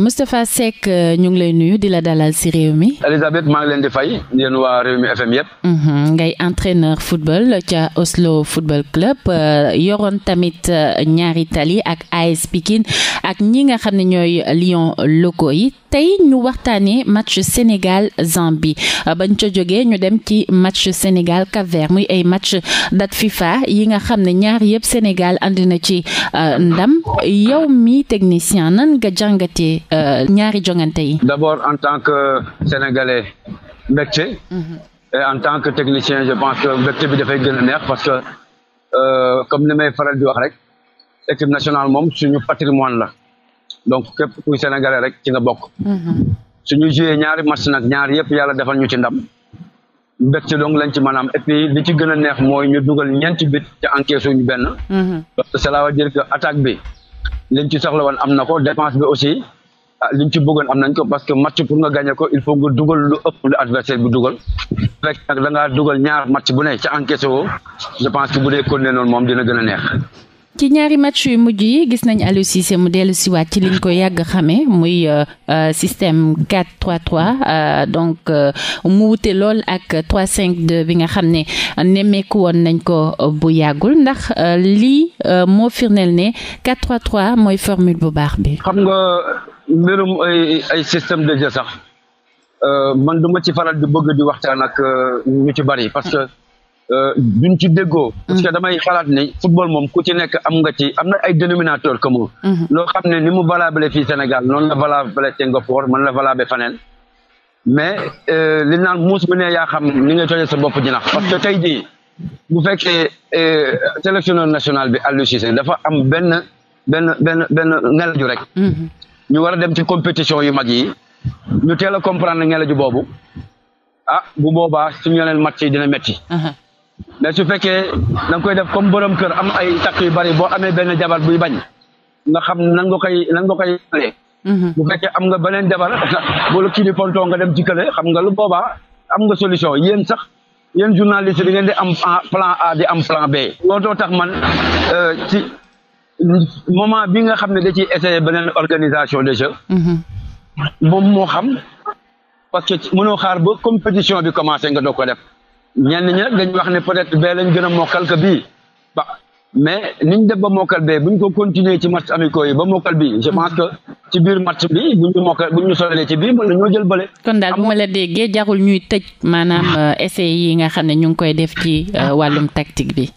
Moustapha Seck euh, ñu ngi lay nuyu di la dalal ci réew mi. Elisabeth ngi leen di fay yéen waa FM yëpp. Mhm, ngay entraîneur football ca Oslo football club euh, yoroon tamit euh, ñaari tali ak AS Pikine ak ñi nga xam ne ñooy Lion loko yi tey ñu waxtaanee match Sénégal Zambie euh, bañ ca jógee ñu dem ci match Sénégal cap muy ay match date FIFA yi nga xam ne ñaar yëpp Sénégal andi na ci euh, ndam yow mi technicien nan nga jàngatee euh, ñaari jongante yi. d'abord en tant que sénégalais mbégte. Mhm. et en tant que technicien je pense que mbégte bi dafay gën neex parce que comme ni may faral di wax rek équipe nationale moom suñu patrimoine la. donc képp kuy sénégalais rek ci nga bokk mhm. suñu joué ñaari match nag ñaar yëpp yàlla defal ñu ci ndam mbégte donc lañ ci maanaam et puis li ci gën a neex mooy ñu dugal ñeenti bit te encaissé ñu benn mhm. parce que cela attaque bi liñ ci soxla woon am na ko défense bi aussi ah, ñu ci bëggoon am nañ ko parce que match pour nga gagné ko il faut nga dugal lu ëpp lu adversaire bi dugal fekk nag da ngaa dugal ñaar match bu ne ci encaissé woo je pense que bu dee noonu moom dina gën a neex ci ñaari match yu mujj yi gis nañ Aliou Cissé mu dellu siwaat ci liñ ko yàgg xamee muy euh, euh, système 4-3-3 euh, donc mu wute lool ak 3-5-2 bi nga xam ne nemmeeku woon nañ ko bu yàggul ndax lii moo firndeel ne 4-3-3 mooy formule bu baax bi. xam nga mbirum ay ay système de sax man duma ci faral di bëgg di waxtaan ak ñu ci bari parce duñ ci déggoo. parce que mm. damay xalaat ne football moom ku ci nekk am nga ci am na ay dénominateur commun. Mm-hmm. loo xam ne ni mu valable fii Sénégal noonu la valable Singapour mën la valable faneen mais euh, li naan muus bu ne yaa xam ni nga tojee sa bopp jinax parce que tey jii bu fekkee euh, sélectionneur national bi Aliou Cissé dafa am benn benn benn benn ngelaju rek. Mm-hmm. ñu war dem ci compétition yu mag yi ñu teel a comprendre ngelaju boobu ah bu boobaa suñu yeneen match yi dina métti. Uh-huh. mais su fekkee da koy def comme borom kër am ay takk yu bari boo amee benn jabar buy bañ nga xam nan nga koy nan nga koy alee mhm. fekkee am nga beneen jabar bulu kii di pontoo nga dem ci kële xam nga lu boobaa am nga solution yéen sax yéen journaliste di ngeen di am plan A di am plan B loolu doo tax man euh, ci moment bi nga xam ne da ciy essayé beneen organisation de jeu mhm. moom moo xam parce que mënoo xaar ba compétition bi commencé nga doo ko def ñenn ñi nag wax ne être bee lañ gën mokkal que bii ba mais niñ def ba mokkal bee buñ ko continuer ci match amicaux yi ba mokkal bii je pense ci biir match bi buñ ñu ñu solee ci bii mën na jël bële. kon daal bu ma la ñuy tëj maanaam ah. euh, essai yi nga xam ne ñu ngi koy def ci euh, ah. wàllum tactique bi.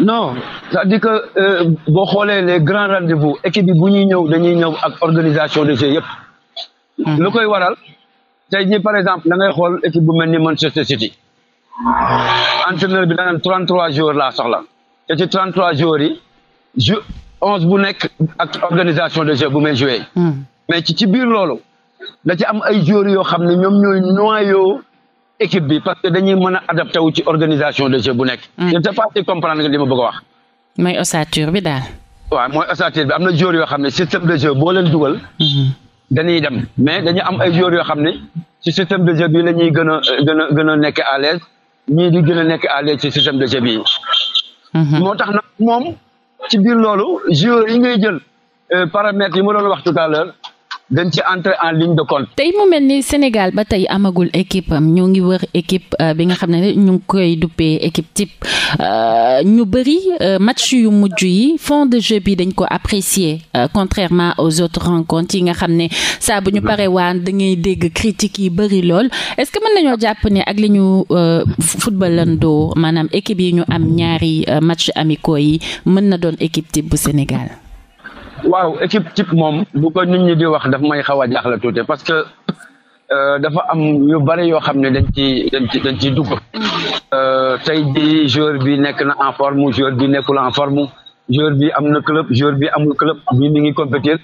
non c'est-à-dire euh, boo xoolee les grands rendez-vous bi bu ñuy ñëw dañuy ñëw ak organisation de jeu yëpp. Hmm. lu koy waral tey jii par exemple da ngay xool équipe bu mel ni Manchester City. entraîneur bi danaan 33 jours la soxla te ci 33 jours yi onze bu nekk ak organisation de jeu bu may joué. Hmm. mais ci ci biir loolu da am ay joueurs yoo xam ne ñoom ñooy noyau équipe bi parce que dañuy mën a adapté wu ci organisation de jeu bu nekk. Hmm. je ne sais pas si comprendre nga li ma bëgg a wax. mooy ossature bi daal. waaw mooy ossature bi am na joueurs yoo xam ne système de jeu boo leen dugal. Hmm. dañuy dem mais dañu am ay joueurs yoo xam ne ci système de jeu bi la ñuy gën a gën a gën a nekk à l'aise ñii di gën a nekk à l'aise ci système de jeu bi. Mhm. moo tax nag moom ci biir loolu joueurs yi ngay jël euh, paramètres yi ma doon wax tout dañ ci en ligne de compte. tey mu mel ni Sénégal ba tey amagul équipe am ñoo ngi wër équipe euh, bi nga xam ne ñu ngi koy duppee équipe type euh, ñu bëri euh, match yu mujj yi fonds de jeu bi dañ ko apprécier contrairement aux autres rencontres yi nga xam ne saa bu ñu paree waan da ngay dégg critique yi bëri lool est-ce que mën nañoo jàpp ni ak li ñu footballandoo maanaam équipe yi ñu am ñaari match amicaux yi mën na doon équipe type bu Sénégal. waaw équipe type moom bu ko nit ñi di wax daf may xaw a jaaxle tuuti parce que euh, dafa am yu bëri yoo xam ne dañ ci dañ ci dañ ciy dugg euh, tey di joueur bi nekk na en forme joueur bi nekkul en forme joueur bi am na club joueur bi amul club bi mi ngi compétir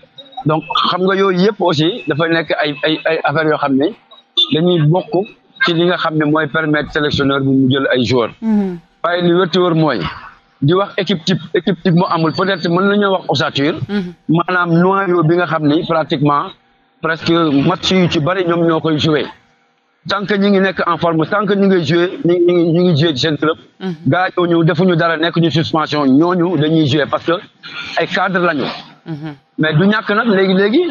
donc xam nga yooyu yëpp aussi dafa nekk ay ay ay affaires yoo xam ne dañuy bokk ci li nga xam ne mooy permettre sélectionneur bi mu jël ay joueur mm-hmm. waaye li wér mooy di wax équipe type équipe type moo amul peut être mën nañoo wax ossature mhm. maanaam bi nga xam ni pratiquement presque match yu ci bëri ñoom ñoo koy joué tant que ñi ngi nekk en forme tant que ñi ngi joué ñi ngi ñi ngi joué ci seen club mhm. gars ñooñu defuñu dara nekk ñu suspension ñooñu dañuy joué parce que ay cadre lañu mhm. mais du ñàkk nag léegi léegi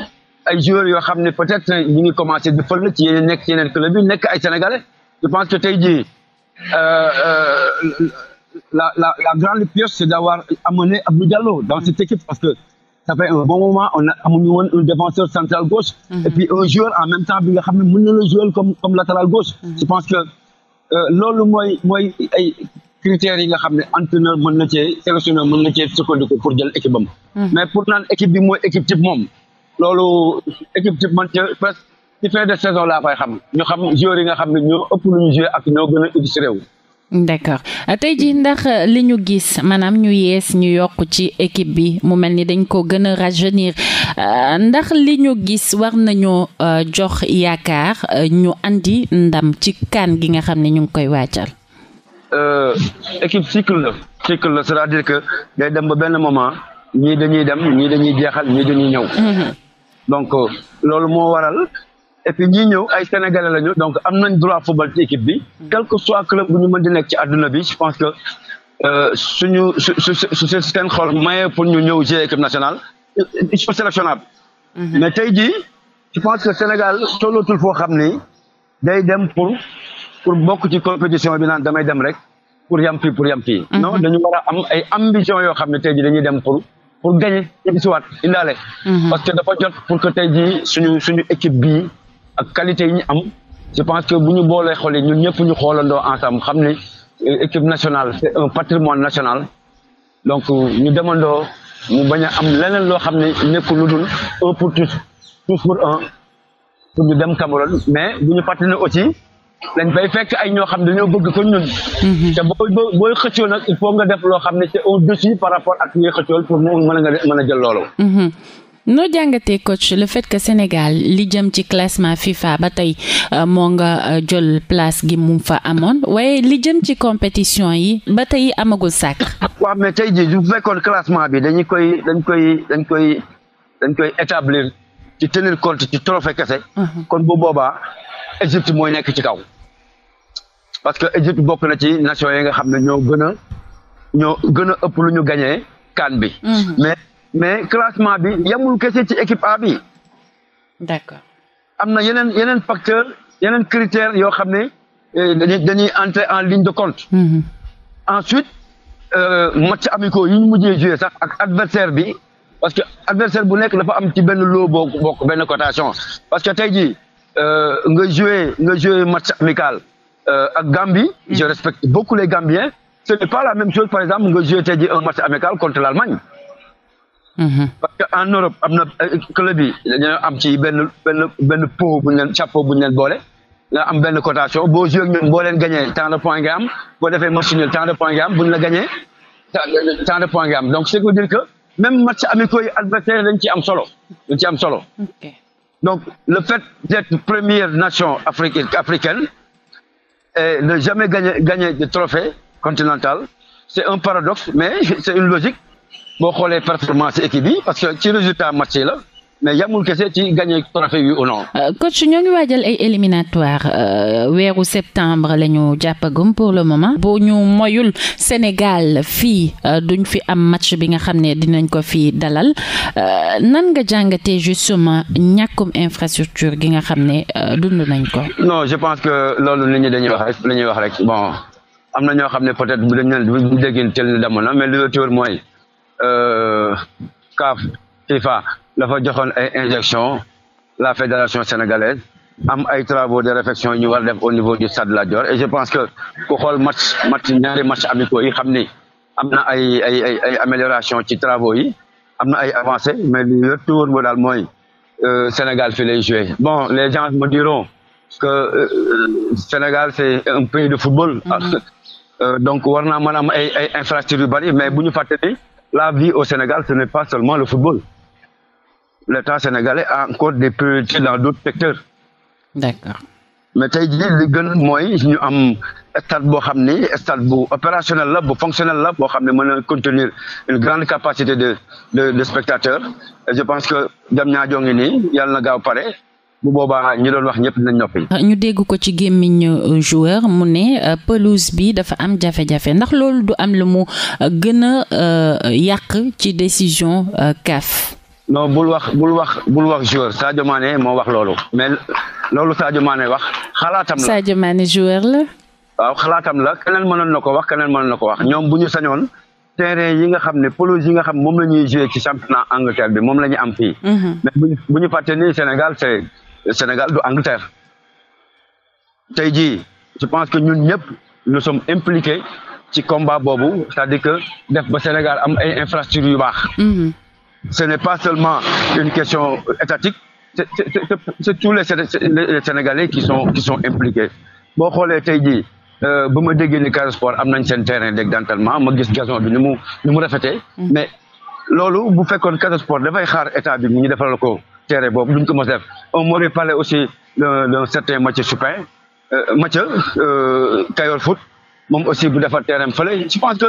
ay joueurs yoo xam ne peut être ñi ngi commencé di fël ci yeneen nekk ci yeneen club yi nekk ay sénégalais je pense que tey jii euh, euh, la, la, la grande pioche, c'est d'avoir amené Abdou Diallo dans cette équipe parce que ça fait un bon moment, on a amuñu woon un défenseur central gauche. Mhm. et puis un joueur en même temps bi nga xam ne mën na la comme latéral gauche. Mhm. je pense que euh, loolu mooy mooy y critères yi nga xam ne entraîneur mën na cee sélectionneur mën na cee sukkandiku pour jël équipe am. Mhm. mais pour naan équipe bi mooy équipe type moom loolu équipe type man ca euh, presque ci fin de saison laa koy xam ñu xam joueurs yi nga xam ne ñoo ëpp lu ñoo gën wu. d'accord euh, tey jii ndax euh, li ñu gis maanaam ñu yees ñu yokk ci équipe bi mu mel ni dañ ko gën a rajeunir euh, ndax li ñu gis war nañoo jox yaakaar ñu indi ndam ci kaan gi nga xam ne ñu ngi koy waajal. équipe cycle la. cycle la c'est-à-dire que day dem ba benn moment ñii dañuy dem ñii dañuy jeexal ñii dañuy ñëw. Mm-hmm. donc loolu moo waral. et puis ñi ñëw ay sénégalais lañu donc am nañ droit football ci équipe bi mm. quel que soit club bu ñu mën di nekk ci àdduna bi je pense que euh, suñu su su su seen xol maye pour ñu ñëw jouer équipe nationale euh, ils mm-hmm. tey jii je que Sénégal tollootul foo xam ni day dem pour pour bokk ci compétition bi naan damay dem rek pour yam fii pour yam fii mm-hmm. non dañu war am ay ambition yoo xam ne tey jii dañuy dem pour pour gagner ci bisiwaat indaale mm-hmm. parce que dafa jot pour que tey jii suñu suñu équipe bii ak qualité yi ñu am je pense que bu ñu boolee xoolee ñun ñëpp ñu xoolandoo ensemble xam ne euh, équipe nationale c' est un patrimoine national donc euh, ñu demandoo mu bañ a am leneen loo xam ne nekkul lu dul un pour tous tous pour un ñu dem Cameroun mais bu ñu fàttali ne aussi lañ fay fekk ay ñoo xam ne dañoo bëgg ko ñun. Mhm. te booy booy xëccoo nag il faut nga def loo xam ne c' est au-dessus par rapport ak ñuy xëccool pour mu mën a nga mën a jël loolu. Mhm. noo jàngatee coach le fait que Sénégal li jëm ci classement FIFA ba tey euh, moo nga euh, jël place gi mu fa amoon waaye li jëm ci compétition yi ba tey amagul sàkk. waaw mais tey jii ju fekkoon classement bi dañu koy dañ koy dañ koy dañ koy établir ci tenir compte ci trophée kese. Uh-huh. kon bu boobaa Égypte mooy nekk ci kaw. parce que Égypte bokk na ci nation yi nga xam ne ñoo gën a ñoo gën a ëpp lu ñu gagné kan bi. Uh-huh. mais mais classement bi yamul kese ci équipe A bi. d'accord am na yeneen yeneen facteur yeneen critères yoo xam ne eh, dañuy dañuy entrer en ligne de compte. Mm-hmm. ensuite euh, match amicaux yi ñu mujjee joué sax ak adversaire bi parce que adversaire bu nekk dafa am ci benn bo boo bokk benn cotation parce que tey jii euh, nga joué nga joué match amical euh, ak Gambie. Mm-hmm. je respecte beaucoup les Gambiens. ce n'est pas la même chose par exemple nga joué tey jii un match amical contre l'Allemagne. Mm-hmm. parce que en Europe am na euh, club yi am ci benn benn benn pot bu ñu leen chapeau bu ñu leen boole nga am benn cotation boo joué ak ñoom leen gagné tant de points nga am boo defee match nul tant am bu ñu la gagné de points am donc ce qui veut dire que même match amicaux yi adversaire dañ ci am solo ci am solo. donc le fait d'être première nation africaine africaine et ne jamais gagner gagner de trophée continental c'est un paradoxe mais c'est une logique. boo xoolee performance équipe yi parce que ci résultat match yi la mais yamul kese ci gagné trophée yi ou non. Euh, coach ñoo ngi waajal ay éliminatoire euh, weeru septembre la ñu jàppagum pour le moment. boo ñu moyul Sénégal fii euh, duñ fi am match bi nga xam ne dinañ ko fi dalal nan nga jàngatee justement ñàkkum infrastructure gi nga xam ne dund nañ ko. non je pense que loolu nit ñi dañuy wax rek dañuy wax rek bon am na ñoo xam ne peut-être bu dañ leen bu déggee tel na mais li wër Euh, CAF FIFA dafa joxoon ay injection la fédération sénégalaise am ay travaux de réflexion ñu war def au niveau du stade Lat Dior et je pense que ku xool match match ñaari match amicaux yi xam ni am na ay ay ay ay amélioration ci travaux yi am na ay avancées mais li wér tu wóor daal mooy euh, Sénégal fii lay joué bon les gens me diront que euh, Sénégal c'est un pays de football. Mm-hmm. Euh, donc war naa ay ay yu bari mais bu ñu fàtte ni la vie au Sénégal, ce n'est pas seulement le football. L'État sénégalais a encore des priorités dans d'autres secteurs. D'accord. mais tey jii li gën mooy ñu am stade boo xam ni stade bu opérationnel la bu fonctionnel la boo xam ne mën a contenir une grande capacité de de de je pense que Diamniadio ngi nii yàlla na gaaw pare bu boobaa ñi doon wax ñëpp dinañ noppi. Ah, ñu dégg ko ci gémmiñ euh, joueur mu ne euh, pelouse bi dafa am jafe-jafe ndax loolu du am lu mu euh, gën a yàq ci décision CAF. non bul wax bul wax bul wax joueur Sadio Mané moo wax loolu mais loolu Sadio Mané wax xalaatam la Sadio Mané joueur la. waaw xalaatam la keneen mënoon na ko wax keneen mënoon na ko wax ñoom bu ñu sañoon. terrain yi nga xam ne pelouse yi nga xam moom la ñuy joué ci championnat Angleterre bi moom la ñu am fii. Mhm. mais bu bu ñu fàtte ni Sénégal c'est Sénégal du Angleterre tey jii je pense que ñun ñëpp nous sommes impliqués ci combat boobu c'est-à-dire que def ba Sénégal am ay infrastructures yu baax. Mhm. ce n'est pas seulement une question étatique c'est c'est c'est tous les Sénégalais qui sont qui sont impliqués boo xoolee tey jii. Euh, ba ma déggee ni Casa Sport am nañ seen terrain léegi d'entraînement ma gis gazon bi ni mu ni mm-hmm. mais loolu bu fekkoon Casa Sport dafay xaar état bi mu ñu defaral ko terrain boobu duñ ko mos def on m'aurait parlé aussi d'un certain Mathieu Chupin euh, Mathieu euh, Kayor moom aussi bu defal terrain fële je pense que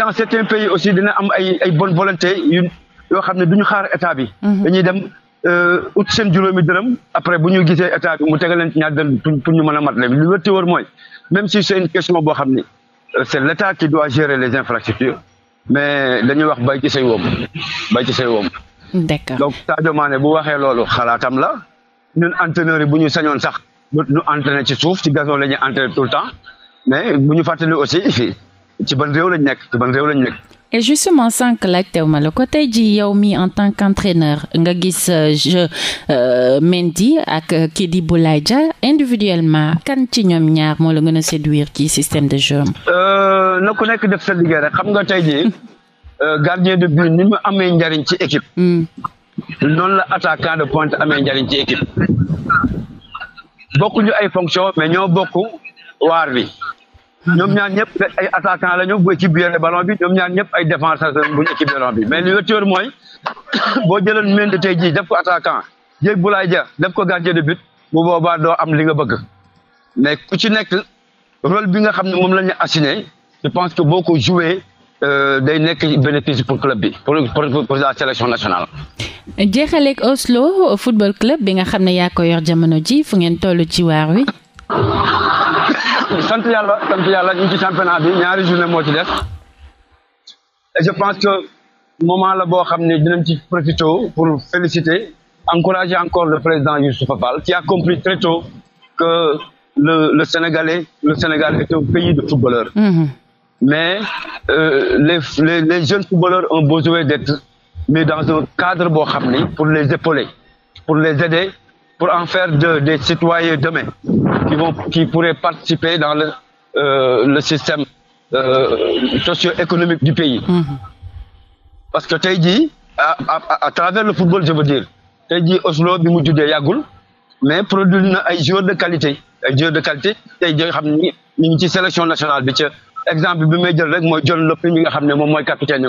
dans certains pays aussi dina am ay ay bonne volonté yoo xam ne duñu xaar état bi mm-hmm. dañuy dem Euh, ut seen juróomi dërëm après bu ñu gisee état mu tegal leen ci ñaar dërëm pour ñu mën a mat leen lu wér te wër mooy même si c'est une question boo xam ni euh, c'est l'état qui doit gérer les infrastructures mais dañuy wax bay ci say woom bay ci say woom. d'accord donc Sadio maane bu waxee loolu xalaatam la ñun entraîneurs yi bu ñu sañoon sax ñu entraîner ci suuf ci gazon la ñuy entraîner tout le temps mais bu ñu fàttali aussi ci ban réew lañ nekk ci ban réew lañ nekk. et justement sànq laajtew ma la ko tey ji yow mi en tant qu'entraîneur nga gis euh, jeu euh, Mendy ak euh, kii di Boulaye Dia individuellement kan ci ñoom ñaar moo la gën a séduire ci système de jeu am. na ku nekk def sa rek xam nga tey ji gardien de but ni amee njariñ ci équipe. Hmm. noonu la attaquant de pointe amee njariñ ci équipe bokkuñu ay fonction mais ñoo bokk waar bi. ñoom ñaar ñëpp ay attaquant la ñu bu équipe ballon bi ñoom ñaar ñëpp ay défenseur bu ñu équipe ballon bi mais li wér mooy boo jëloon Mendy tey jii def ko attaquant jël Boulaye Dia def ko gardien de but bu boobaa doo am li nga bëgg mais ku ci nekk rôle bi nga xam ne moom la ñu assigné je pense que boo ko joué euh, day nekk bénéfice pour club bi pour pour la sélection nationale. jeexaleeg Oslo football club bi nga xam ne yaa ko yor jamono ji fu ngeen toll ci waar wi. sant yàlla sant yàlla ñu ci championnat bi ñaari journée moo ci des et je pense que moment la boo xam ne dinañ ci profité pour féliciter encourager encore le président Youssoupha Fall qui a compris très tôt que le le Sénégalais le Sénégal est un pays de footballeurs. Mm-hmm. mais euh, les, les les jeunes footballeurs ont besoin d'être mis dans un cadre boo xam ne pour les épauler pour les aider pour en faire des citoyens demain. qui, vont, qui pourraient participer dans le, euh, le système euh, socio-économique du pays. Mm Parce que tey jii à, à, à, travers le football je veux dire tey jii Oslo bi mu juddee yàggul mais produit na ay joueurs de qualité ay joueurs de qualité tey jii xam ni ñu ngi ci sélection nationale bi ca exemple bi may jël rek mooy John Lop mi nga xam ne moom mooy capitaine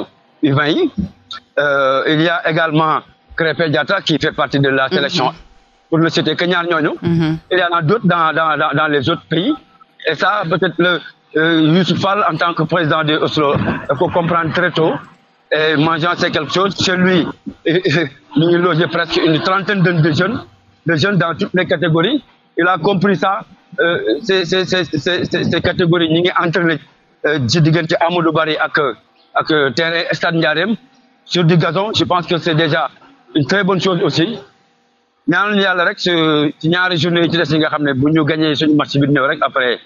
U20 yi euh, il y a également Krépin Diatta qui fait partie de la mm-hmm. sélection. pour ne citer que ñaar ñooñu. Mhm. il y en a d'autres dans dans dans dans pays et ça peut-être le euh, Youssouf en tant que président de Oslo il faut comprendre très tôt et mangeant c'est quelque chose chez lui ñu ngi logé presque une trentaine de jeunes de jeunes dans toutes les catégories il a compris ça euh, ces ces ces ces catégories ñu ngi entraîné euh, ci diggante Amadou Barry ak ak terrain Stade Ndiarème sur du gazon je pense que c'est déjà une très bonne chose aussi. ñaanuñu yàlla rek su ñaari journée yi ci des yi nga xam ne bu ñu gañee suñu match bi ñëw rek après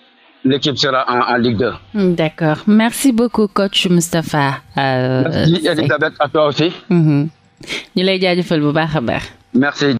l'équipe sera en en Ligue 2. Hmm, d'accord merci beaucoup coach Moustapha. Euh, merci Elisabeth à toi aussi. Mm-hmm. ñu lay jaajëfal bu baax a baax. merci.